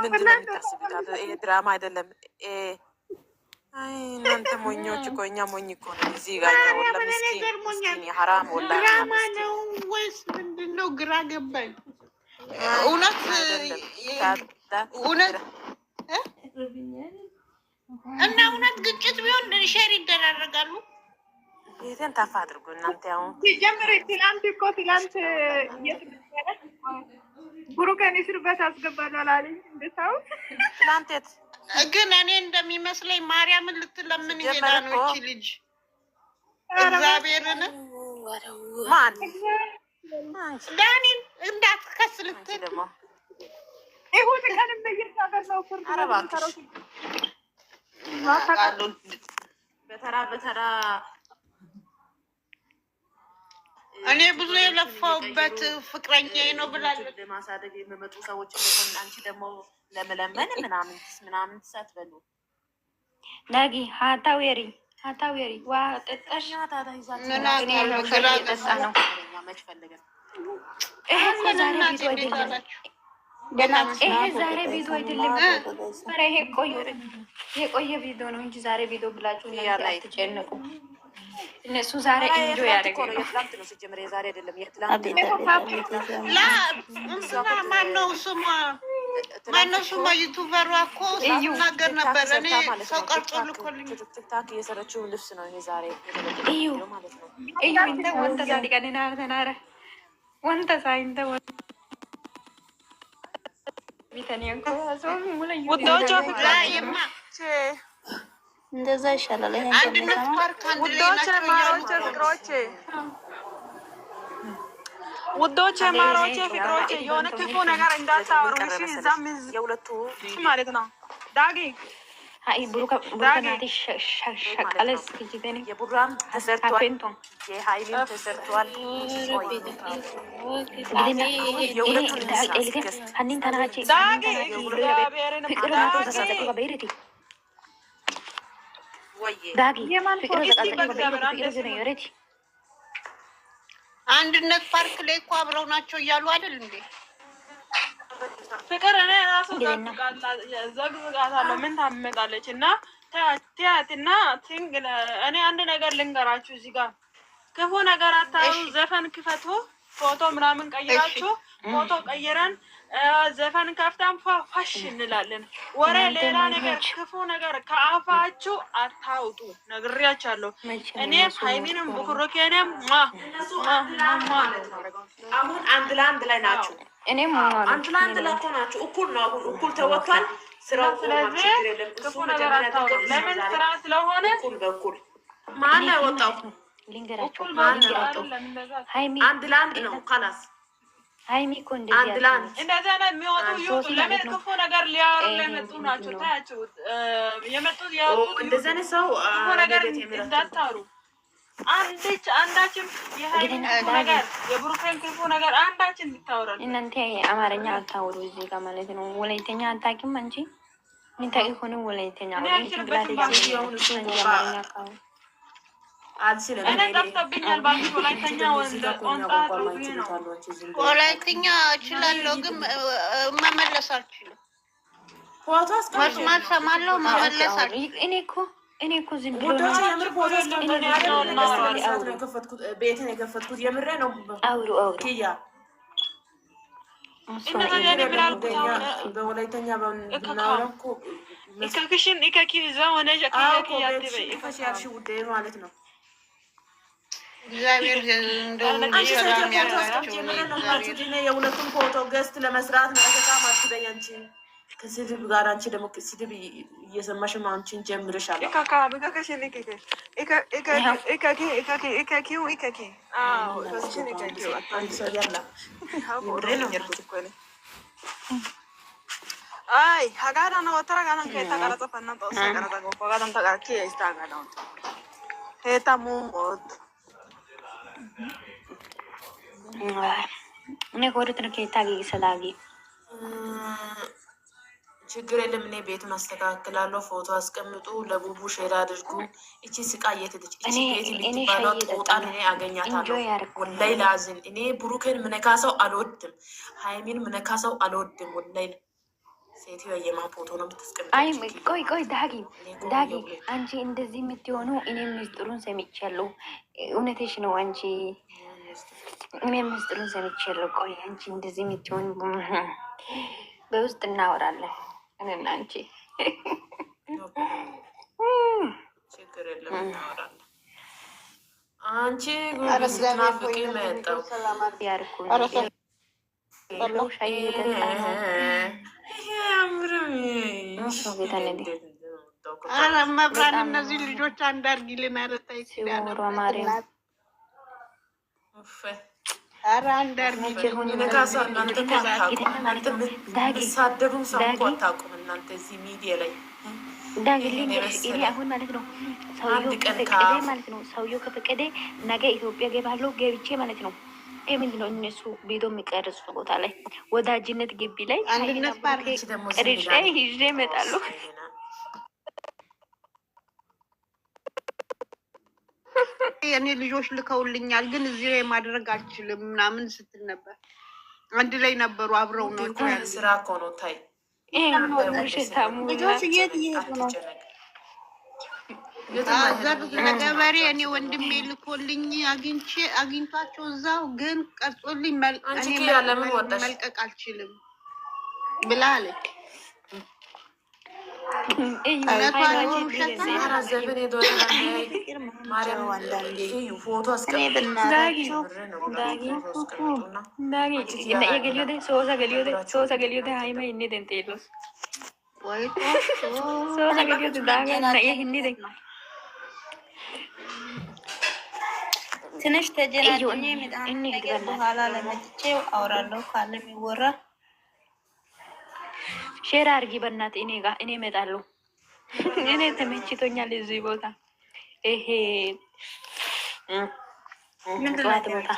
ምንድን ነው የምታስቡት? ይሄ ድራማ አይደለም። እናንተ ሞኞች እኮ እኛ ሞኝ እኮ ነው። እዚህ ጋር ሀራም ወላ ድራማ ነው ወይስ ምንድን ነው? ግራ ገባኝ። እውነት እውነት እና እውነት ግጭት ቢሆን ሼር ይደራረጋሉ ይህን ታፋ አድርጉ እናንተ። አሁን ሲጀምር ትናንት እኮ ትናንት ብሩከን እስር ቤት አስገባለሁ አላለኝ እንደሰው ትናንት። ግን እኔ እንደሚመስለኝ ማርያምን ልትለምን ሄዳ ነው እቺ ልጅ እግዚአብሔርን ማን ዳኒን እንዳትከስ ልትል ይሁን ቀንም እየሳገር ነው ፍርድ ነው ተራ በተራ እኔ ብዙ የለፋውበት ፍቅረኛ ነው ብላለች። ማሳደግ የሚመጡ ሰዎች አንቺ ደግሞ ለመለመን ምናምን ምናምን ሳትበሉ ነጊ ሀታ ወሪ ሀታ ወሪ ዋ ጠጣሽ ዛሬ ቪዲዮ አይደለም። ይሄ ቆየ ቪዲዮ ነው እንጂ ዛሬ ቪዲዮ ብላችሁ አትጨነቁ። እነሱ ዛሬ እንጆ ያደረገ ነው። የትላንት ነው አይደለም። እንደዛ ይሻላል። ውዶች ማሮቼ፣ ፍቅሮቼ የሆነ ክፉ ነገር እንዳታወሩ እሺ። እዛም የሁለቱ ማለት ነው ዳጊ አይ ብሩካ ብሩካናቲ ሸቀለስ ኪጂበኒ የቡራም ተሰርቷል፣ የሀይሊም ተሰርቷል። ሀኒን ተናቼ ዳጊ እግዚአብሔርን ፍቅር ናቶ ተሳተቀባ በይርቴ አንድነት ፓርክ ላይ እኮ አብረው ናቸው እያሉ አይደል እንዴ? ፍቅር እኔ ራሱ ዘግዝቃታለሁ። ምን ታመጣለች? እና ትያትና ቲንግ እኔ አንድ ነገር ልንገራችሁ። እዚህ ጋር ክፉ ነገር አታሩ። ዘፈን ክፈቱ። ፎቶ ምናምን ቀይራችሁ ፎቶ ቀይረን ዘፈን ከፍታም ፏፏሽ እንላለን። ወሬ፣ ሌላ ነገር፣ ክፉ ነገር ከአፋችሁ አታውጡ። ነግሬያቸዋለሁ። እኔ ሀይሚንም ብኩሮኬንም አሁን አንድ ለአንድ ላይ ናችሁ። እኔም አንድ ለአንድ ላይ እኮ ናችሁ። እኩል ነው። አሁን እኩል ተወጥቷል። ስራው ስለዚህ ክፉ ነገር አታውጡ። ለምን ስራ ስለሆነ እኩል በኩል ማን ያወጣው እኩል ማን ያወጣው? አንድ ለአንድ ነው ካላስ ሀይሚ እኮ እንደዚያ ነው የሚወጡ ይወጡ። ለምን ክፉ ነገር ሊያወሩ ለመጡ ናቸው። ታያቸው የመጡት ያወጡት ክፉ ነገር እንዳታሩ አንድች አንዳችም የሀይሚ ክፉ ነገር የብሩኬን ክፉ ነገር አንዳችን እንድታወራል። እናንተ አማርኛ አታወሩ እዚህ ጋር ማለት ነው። ወላይተኛ አታውቂም አንቺ? ምን ታውቂ ሆነ ወላይተኛ ወላይትኛ እችላለሁ ግን መመለስ አልችልም። መስማት ሰማለሁ፣ መመለስ አልችልም። እኔ እኮ እኔ እኮ ዝም ብሎ ቤትን የከፈትኩት የምሬ ነው። አውሩ አውሩ ያ ማለት ነው። እግዚአብሔር የሁለቱም ፎቶ ገዝት ለመስራት ከስድብ ጋር አንቺ ደግሞ ስድብ እየሰማሽ ነው። አንቺን ጀምርሻል። እኔ ከወደ ትንኬታ ስላጊ ችግር የለም። እኔ ቤት አስተካክላለሁ። ፎቶ አስቀምጡ፣ ለቡቡ ሼር አድርጉ። እቺ ስቃ የትልች እቺ ቤት የምትባለው ጦጣን እኔ አገኛታለሁ። ወላይ ላዝን እኔ ብሩኬን ምነካሰው አልወድም፣ ሀይሚን ምነካሰው አልወድም ወላይ አይ ቆይ ቆይ ዳጊ ዳጊ አንቺ እንደዚህ የምትሆኑ እኔ ምስጥሩን ሰምቻለሁ። እውነትሽ ነው አንቺ እኔ ምስጥሩን ሰምቻለሁ። ቆይ አንቺ እንደዚህ የምትሆኑ በውስጥ እናወራለን እኔና አንቺ አንቺ ጉናፍቅ መጣው ያርኩ ሻይ መብራን እነዚህ ልጆች አንድ አድርጊልን። ኧረ ተይ ሰውየው ከፈቀደ ማለት ነው ከፈቀደ ነገ ኢትዮጵያ ገባለሁ ገብቼ ማለት ነው ምንድን ነው እነሱ ቪዲዮ የሚቀርጹ ቦታ ላይ ወዳጅነት ግቢ ላይ አንድነት ፓርክ ቀርጬ ይዤ እመጣለሁ። የእኔ ልጆች ልከውልኛል፣ ግን እዚህ ላይ ማድረግ አልችልም ምናምን ስትል ነበር። አንድ ላይ ነበሩ አብረው ነው። ስራ እኮ ነው። ታይ ልጆች እየት እየሄዱ ነው? ገበሬ እኔ ወንድሜ ልኮልኝ አግኝቼ አግኝቷቸው እዛው ግን ቀርጾልኝ መልቀቅ አልችልም ብላ አለች። ሶሳ ገሊዮተ ዳጋ ና ይህ ሂኒ ደማ ትንሽ ተጀናጅ ምጣን ነገር በኋላ ለመጥቼ አውራለሁ ካለ የሚወራ ሼር አርጊ በእናት እኔ ጋር እኔ እመጣለሁ። እኔ ተመችቶኛል። እዚህ ቦታ ይሄ ጠዋት ቦታ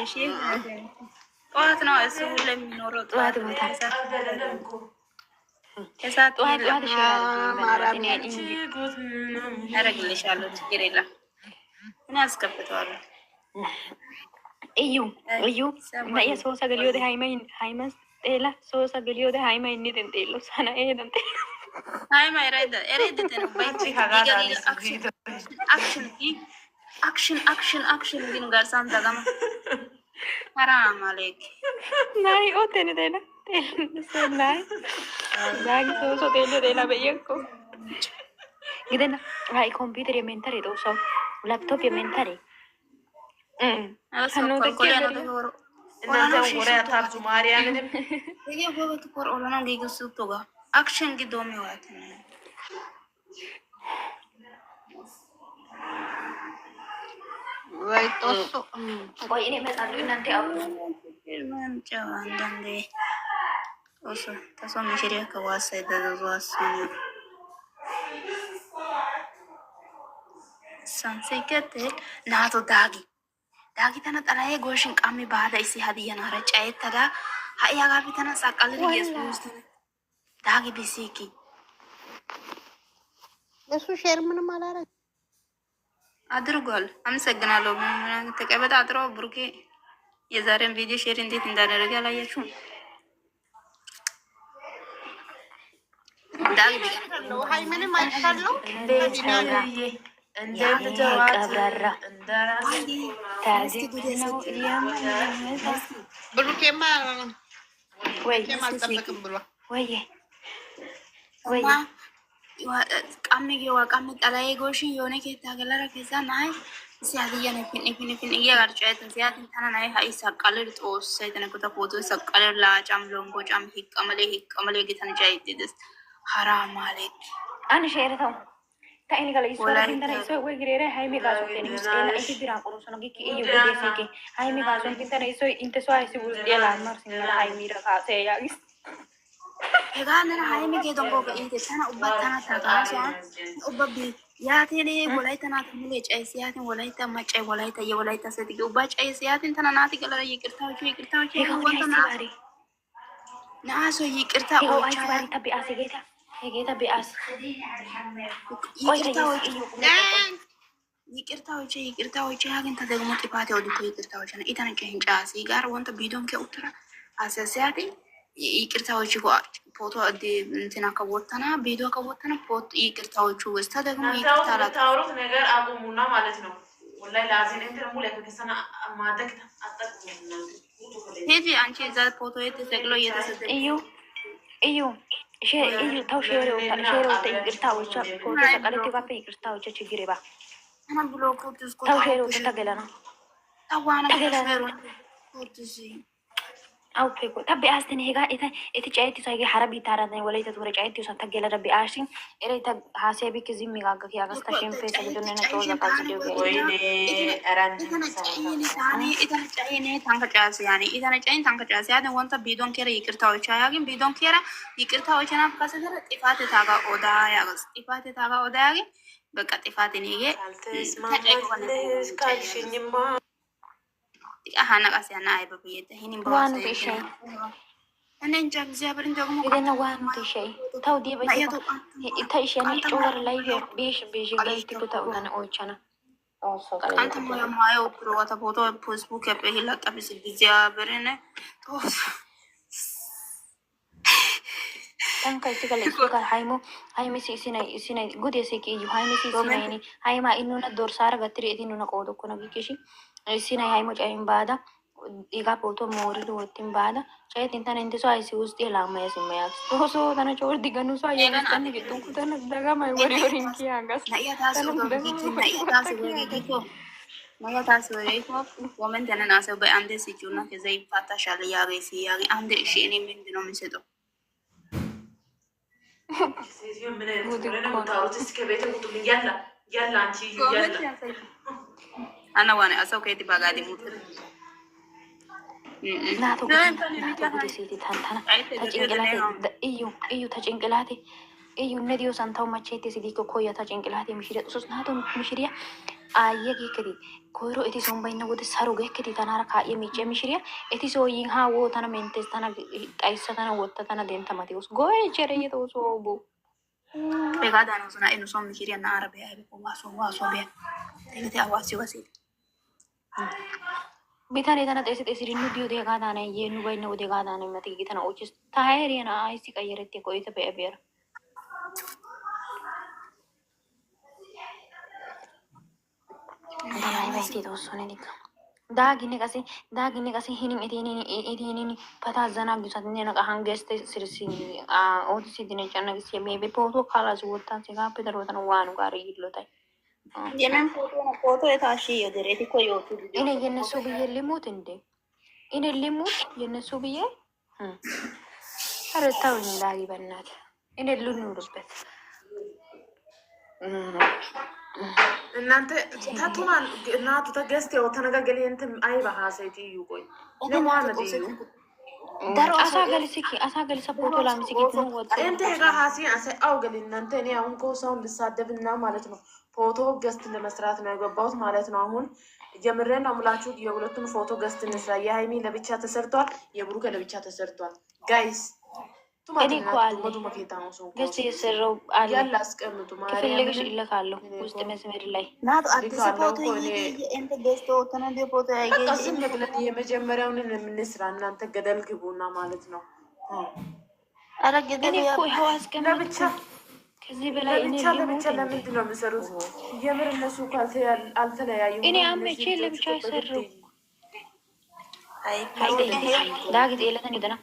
ጠዋት ነው እሱ ለሚኖረው ጠዋት ቦታ ችግር የለም ጠዋት ጠዋት Iyyu, iyyu, na'iya soo sagaliyoode hayimas xeela soo sagaliyoode hayima inniten xeello sana eedan xeello. Hayima ereeda ereedeten ubbayitti action action action gin garssan dagama. Haram aleek. Nayi oottene xeela xeelliseennayi zaagi soo so xeelliyo xeela be'iyakko gidenna hayi kompiiteriya menttaree xoossawu laapitooppiya menttaree ተሰሚ ሽሪያ ከዋሳ ይደዘዙ አሰኙ sansi gatel nato dagi daakitana xalahee gooshin qammi baada issi hadiyyanaara cayettada ha'i hagaappe tana saqqalidi yesuustana daagi bisiiki እሱ ሼር ምንም አላረግ አድርጓል። አመሰግናለሁ። ተቀበጣ አጥሮ ብሩኬ የዛሬን ቪዲዮ ሼር እንዴት እንዳደረገ አላያችሁም? ዳግ ምንም አይሻለው Hara malik. Ani şey yapalım. aniga laisoointanayso wegreera hayme gaasonten musqeena inti biran qurusanogikki iyo gudeeseke hayme gaasontintanayso inte soo haysi wusdiyalaa marsinara haymira kaaseeyaagis hegaanara haymigeedon googa inte tana ubba tana tagaasoan ubba bi yaatin wolaytanaata mule cayis yaatin wolayta macay wolayta iyo wolayta setigi ubba cayis yaatin tana naati galara yiqirtawochu yiqirtawochu wanta naa naaso yiqirta ochayaata be'asegeeta የጌታ ቢያስ ይቅርታዎች ይቅርታዎች ሀገንተ ደግሞ ጥፋት ወዲኮ ይቅርታዎች ነ ኢታን ጨህን ጋር ወንተ ቢዶን ከውትራ አሰሲያት ይቅርታዎች ፎቶ እንትና ከቦተና ቢዶ ከቦተና ፎቶ ይቅርታዎቹ ውስጥ ደግሞ ይቅርታ ነገር አቁሙና ማለት ነው። ሄጂ አንቺ እዛ ፎቶ የተሰቅሎ እየተሰጠ እዩ እዩ ይቅርታው ሼር ወጣ። ይቅርታዎቿ ፎቶ ሰቀለቲ ባፈ ይቅርታዎቿ ችግር ባ ተው ሼር ወጣ ተገለና ተገለና awkee kun dhabbi aastin hegaa ita iti cayetti saagi harabi taaratan walaita tuure cayetti usan taggela rabbi aashin ereita haasaya bikke zimmiga agaki agasta shempesa gidonena cooza qaasidiyogeeitanacayin wanta biidon kera yiqirta oychaayagin biidon kera yiqirta oychanaaf kasetara xifaate taaga odaayagas xifaate taaga odaayagin beqa xifaatin hige tanka isigale isukal haymo hayme si isinay isinay gudese kiyu hayme si isinayni hayma inuna dorsara gatiri eti nuna qoodokona bikeshi issi na'ay haymo cayin baada igaa pootuwa mooridi wottin baada cayetin tana intesoo ayssi ውስጤ laamaya simma yaagas xoosso tana coori digganusoo ayyaagas tanne giddunkku tana dagamay wori worin kiyaagas ነገ ታስ ወይኮ ወመንተነን አሰበ አንዴ ስጩና ከዛ ይፋታሻል ያገ ሲያገ አንዴ እሺ እኔ ምንድን ነው የምንሰጠው? ምን አይነት ነው ታውት እስከ ቤተ ቁጥብ ያላ ያላ አንቺ ያላ ana waan asoo keeti bagaa deemu ናቶ ወደ ሴት ተንተና ተጭንቅላቴ እዩ እዩ ተጭንቅላቴ እዩ እነዲዮ ሰንተው መቼቴ ሲዲኮ ኮያ ተጭንቅላቴ ሚሽሪያ ጡሶስ ናቶ ሚሽሪያ አየ ጌክዲ ኮይሮ እቲ ሶን ባይና ወደ ሰሩ ጌክዲ ተናራ ካየ ሚጭ ሚሽሪያ እቲ ሶይን ሀ ወ ተነ ሜንቴስ ተነ ጣይሰ ተነ ወተ ተነ ደንተማቴዎስ ጎይ ቸረየ ተወሶቡ ጋ ዳነሱና ኤኑሶን ሚሽሪያ ና አረቢያ ሄበ ዋሶ ዋሶ ቢያ ተገቴ አዋሲ ወሴት Bitaree kana xeesse xeessidi nuti odee hagaadan hayyee nu baynna odee hagaadan himmate giidi tana oychchiis. Ta heeriya na'aa issi qayyerettiyaakko iita be'a be'ada. Tana ayba iitii xoossoo nenikka. Daaginne qassi daaginne qassi hinin etinin etinin pataazzana giyosatinne naqahan geste sirsin ootisidinne cannagissiya beebe pootuwa kaalaasi wottaasi hegaappe daruwa tana waanu gaada yiillotay. የምን ፎቶ ነው? ፎቶ የታሽ የደረት እኮ የወጡ እኔ የነሱ ብዬ ልሞት እንዴ? እኔ ልሞት የነሱ ብዬ? ኧረ ተውኝ ላጊ እኔ ልኑርበት። እናንተ ታቱማን እናቱ ተገስት ተነጋገል ንትን አይባ ሀሰይት እዩ ቆይ ለመሐመድ እዩ አሳገልስኪ አሁን ከሰውን ልሳደብ ማለት ነው ፎቶ ገስት ለመስራት ነው የገባሁት ማለት ነው። አሁን ጀምረን አሙላችሁ የሁለቱን ፎቶ ገስት እንስራ። የሀይሚ ለብቻ ተሰርቷል፣ የብሩከ ለብቻ ተሰርቷል። ጋይስ ገስት የመጀመሪያውን የምንስራ እናንተ ገደል ግቡና ማለት ነው። አረግግን ለብቻ እዚህ በላይ ለብቻ ለብቻ ለምንድን ነው የምሰሩት? የምር እነሱ እኮ አልተለያዩም። እኔ አመቼ ለብቻ ሰሩ ዳግጥ የለተን ይደና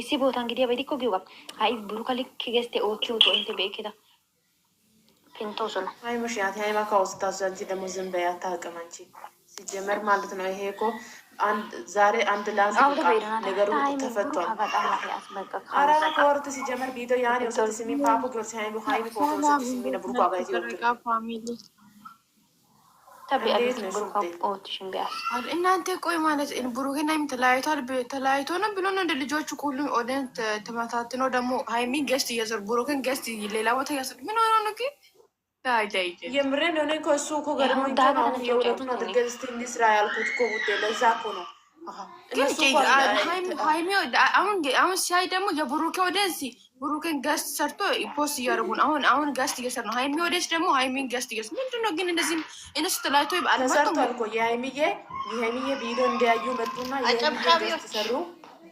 issi bootan gidiyaba gidikko giyogaa ha'i buruka likki geste oottiyoto inte beekkida pintoosona ay ምክንያት ሃይማ ካወስታሱ አንቺ ደግሞ ዝም በይ አታውቅም ሲጀመር ማለት ነው ይሄ እኮ ዛሬ አንድ ላንስ ነገሩ ተፈቷል። አራት ከወርት ሲጀመር ቢዶ ያን የወሰድ ስሚ ፓፑ ገብሲሚ ሀይሚ ፎቶሰድ እናንተ ቆይ ማለት ብሩክና ሀይሚ ተለያይቷል። ተለያይቶ ነው ብሎ ነው እንደ ልጆቹ ሁሉም ኦደን ተመታትኖ ደግሞ ሀይሚ ገስት እየዘር ብሩክን ገስት ሌላ ቦታ እያሰር ምን ሆነ ነው ግን የምሬን እኔ ከእሱ እኮ ገርሞኝ ነው የሁለቱን አድርገን እስኪ እንስራ ያልኩት እኮ ጉዴ፣ ለዛ እኮ ነው። አሁን ሲያይ ደግሞ የብሩኬ ወደንስ ብሩኬን ገስት ሰርቶ ፖስት እያደረጉ ነው። አሁን አሁን ገስት እየሰሩ ነው። ሀይሚ ወደች ደግሞ ሀይሚን ገስት እየሰሩ ምንድን ነው ግን እነዚህ እነሱ ተለያይቶ ተሰርቶ አልኮ የሀይሚዬ የሀይሚዬ ቪዲዮ እንዲያዩ መጡና ሰሩ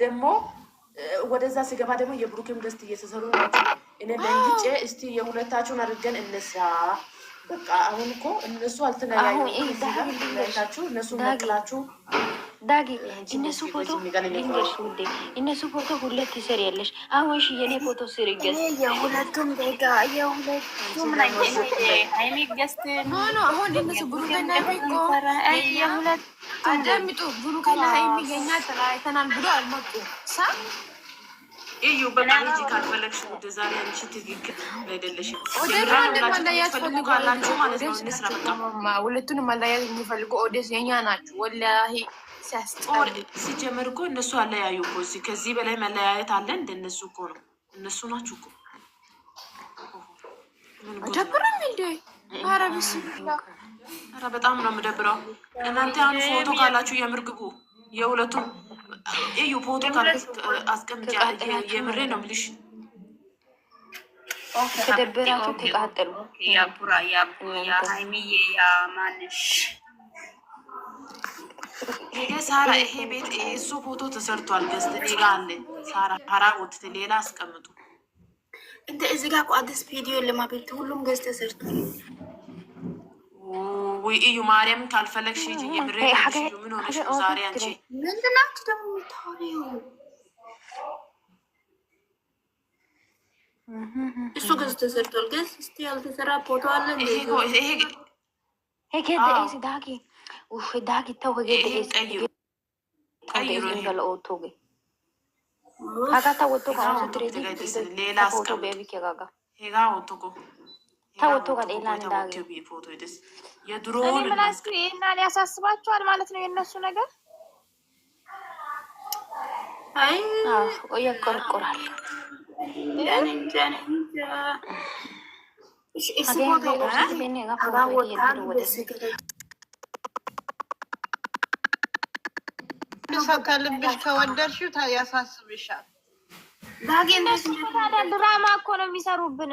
ደግሞ ወደዛ ሲገባ ደግሞ የብሩኬም ገስት እየተሰሩ ናቸው። እኔ ደንግጬ እስቲ የሁለታችሁን አድርገን እንስራ። በቃ አሁን እኮ እነሱ አልተለያዩ ሁለታችሁ እነሱ መቅላችሁ ዳጊ እነሱ ፎቶ ልንገርሽ ውዴ፣ እነሱ ፎቶ ሁለት ስር ያለሽ አሁን እሺ፣ የኔ ፎቶ ስር ይገዝ የሁለቱም ደጋ የሁለቱም አይኔ ገዝት ኖኖ አሁን እነሱ ብሩክና ቢቆ የሁለት አዳምጡ ብሩክና ሀይሚ የኛ ተለያይተናል ብሎ አልመጡ ሳ እዩ በቃ ልጅ ካልፈለግሽ ወደ ዛሬ አንቺ ትክክል አይደለሽም። ሁለቱንም አለያየት የሚፈልጉ ኦዴስ የኛ ናቸው። ወላሂ ሲጀመር እኮ እነሱ አለያዩ እኮ ከዚህ በላይ መለያየት አለ። እንደነሱ እኮ ነው እነሱ ናችሁ እኮ ደብርም እንዴ አረብስ ኧረ በጣም ነው የምደብረው። እናንተ አሁን ፎቶ ካላችሁ የምርግቡ የሁለቱም እዩ ፎቶ ካንተስት አስቀምጫ። የምሬ ነው የምልሽ። ከደበራቱ ተቃጠሉ። ያቡራ ያቡ የሀይሚዬ ያማንሽ ይሄ ሳራ ይሄ ቤት እሱ ፎቶ ተሰርቷል። ገዝት ሌላ አለ ሳራ ሀራ ወጥት ሌላ አስቀምጡ እንደ እዚህ ጋር ቋደስ ቪዲዮ ለማቤት ሁሉም ገዝት ተሰርቷል። ወይዩ ማርያም ካልፈለግሽ ሂጂ። የምሬ ምን ሆነሽ ነው ዛሬ? አንቺ ምንድን ናችሁ ደግሞ የምታወሪው? እሱ ገጽ ተሰርቷል። ገጽ እስቲ ያልተሰራ ፎቶ አለ። ሄጋ ወጥቶ ተወቶ ከሌላንዳግምናችሁ ይህና ያሳስባችኋል ማለት ነው የእነሱ ነገር እያቆረቆራል ሰከልብሽ ከወደድሽው ያሳስብሻል። ድራማ እኮ ነው የሚሰሩብን።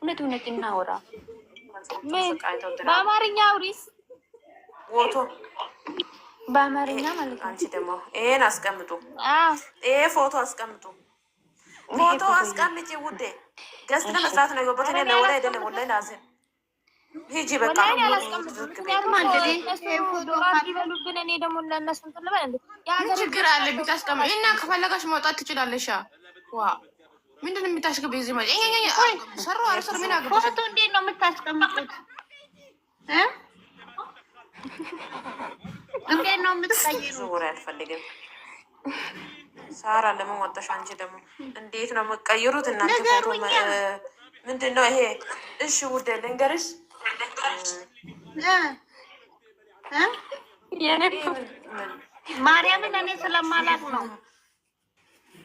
እውነት እውነት እናወራ። በአማርኛ አውሪስ ፎቶ በአማርኛ ማለት ነው። አንቺ ደግሞ ይሄን አስቀምጡ፣ ይሄ ፎቶ አስቀምጡ፣ ፎቶ አስቀምጪ ውዴ። ገስት ለመስራት ነው የገባሁት እኔ ለወላ አይደለም ወላይ ላዘን ሂጂ በቃ ይበሉብን። እኔ ደግሞ ችግር አለ ብታስቀምጪ እና ከፈለጋሽ መውጣት ትችላለሽ ዋ ምንድን ነው የምታስገቢው? እዚህ ማለት ሰሩ አርሰር ምን አገባ? ፎቶ እንዴት ነው የምታስቀምጡት? እንዴት ነው ዙር አልፈልግም። ሳራ ለምን ወጣሽ? አንቺ ደግሞ እንዴት ነው የምቀይሩት? እናንተ? ፎቶ ምንድን ነው ይሄ? እሺ ውደ ልንገርሽ ማርያምን እኔ ስለማላት ነው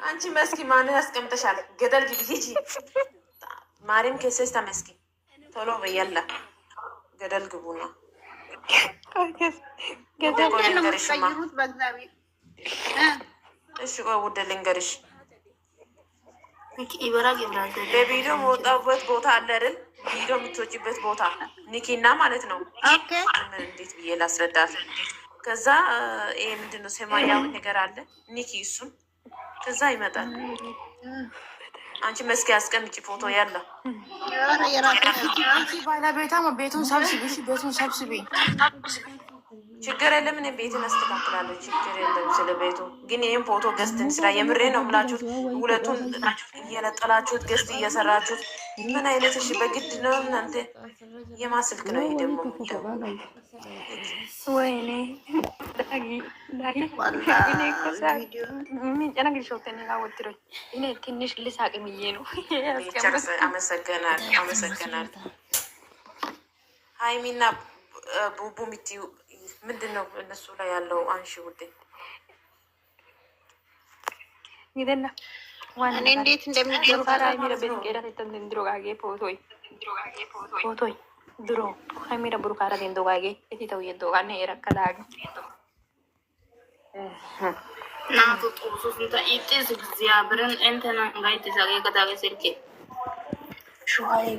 አንቺ መስኪ ማንን አስቀምጠሻል? ገደል ግቢ ሂጂ። ማሪም ከሴስታ መስኪ ቶሎ በያላ ገደል ግቡ ነው እሺ ቆይ ውድ ልንገርሽ፣ በቪዲዮ መወጣበት ቦታ አለ አይደል? ቪዲዮ የምትወጪበት ቦታ ኒኪና ማለት ነው። እንዴት ብዬ ላስረዳት? ከዛ ይሄ ምንድን ነው ሰማያዊ ነገር አለ ኒኪ እሱን ከዛ ይመጣል። አንቺ መስኪ አስቀምጪ ፎቶ ያለው ባለቤታ ቤቱን ሰብስቢ፣ ቤቱን ሰብስቢ ችግር የለም። እኔም ቤትን አስተካክላለሁ። ችግር የለም። ስለ ቤቱ ግን ይህም ፎቶ ገዝትን ስራ የምሬ ነው ብላችሁት ሁለቱን እየነጠላችሁት ገዝት እየሰራችሁት ምን አይነት እሺ፣ በግድ ነው እናንተ። የማስልክ ነው ይሄ ደግሞ? ወይኔ ትንሽ ልሳቅ ብዬ ነው። አመሰገናል አመሰገናል። ሀይሚና ቡቡ ምንድን ነው እነሱ ላይ ያለው? አንሺ ውዴ እኔ እንዴት ድሮ ከሚረ ቡርካራ ደንዶጋጌ እቲ ተውየዶጋነ የረከዳገ ናቱ ጡሱስንተ ኢጢስ እግዚአብሔርን እንተና ጋይትሳጌ ከዳጌ ስልኬ ሸዋይ